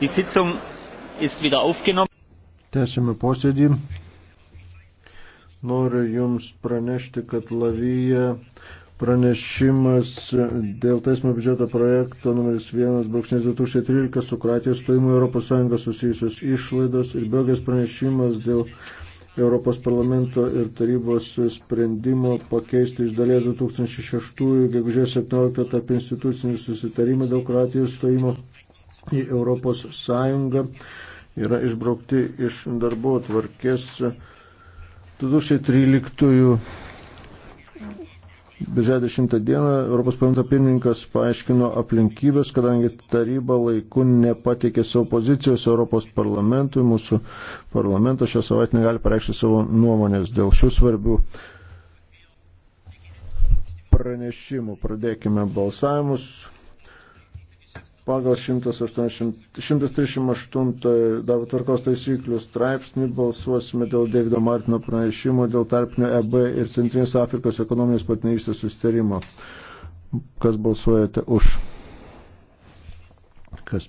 Die Sitzung ist wieder aufgenommen. Tęsime posėdį. Noriu Jums pranešti, kad Lavija pranešimas dėl teismo biudžeto projekto numeris 1.2013 su Kroatijos stojimo Europos Sąjungos susijusios išlaidos ir Belgijos pranešimas dėl Europos parlamento ir tarybos sprendimo pakeisti iš dalies 2006 gegužės 17 tarp institucinių susitarimų dėl Kroatijos stojimo į Europos Sąjungą yra išbraukti iš darbo tvarkės 2013 Birželio 10 dieną Europos parlamento pirmininkas paaiškino aplinkybės, kadangi taryba laiku nepateikė savo pozicijos Europos parlamentui, mūsų parlamentas šią savaitę negali pareikšti savo nuomonės dėl šių svarbių pranešimų. Pradėkime balsavimus pagal 180, 138 darbo tvarkos taisyklių straipsnį balsuosime dėl Davido Martino pranešimo dėl tarpinio EB ir Centrinės Afrikos ekonominės partnerystės sustarimo. Kas balsuojate už? Kas prieš?